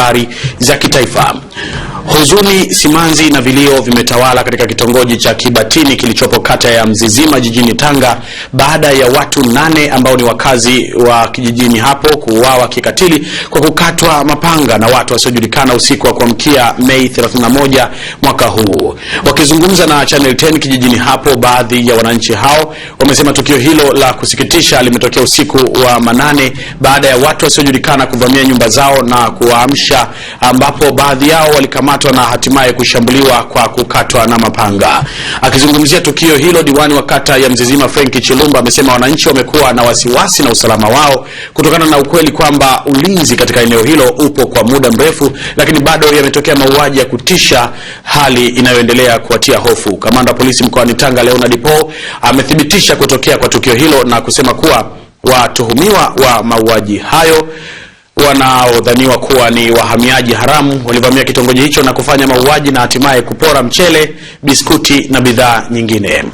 habari za kitaifa. Huzuni, simanzi na vilio vimetawala katika kitongoji cha Kibatini kilichopo kata ya Mzizima jijini Tanga baada ya watu nane ambao ni wakazi wa kijijini hapo kuuawa kikatili kwa kukatwa mapanga na watu wasiojulikana usiku wa kuamkia Mei 31 mwaka huu. Wakizungumza na Channel 10 kijijini hapo, baadhi ya wananchi hao wamesema tukio hilo la kusikitisha limetokea usiku wa manane baada ya watu wasiojulikana kuvamia nyumba zao na kuwaamsha, ambapo baadhi yao walikamatwa kukamatwa na hatimaye kushambuliwa kwa kukatwa na mapanga. Akizungumzia tukio hilo, diwani wa kata ya Mzizima Frenki Chilumba amesema wananchi wamekuwa na wasiwasi na usalama wao kutokana na ukweli kwamba ulinzi katika eneo hilo upo kwa muda mrefu, lakini bado yametokea mauaji ya kutisha, hali inayoendelea kuwatia hofu. Kamanda wa polisi mkoani Tanga Leonard po amethibitisha kutokea kwa tukio hilo na kusema kuwa watuhumiwa wa mauaji hayo wanaodhaniwa kuwa ni wahamiaji haramu walivamia kitongoji hicho na kufanya mauaji na hatimaye kupora mchele, biskuti na bidhaa nyingine.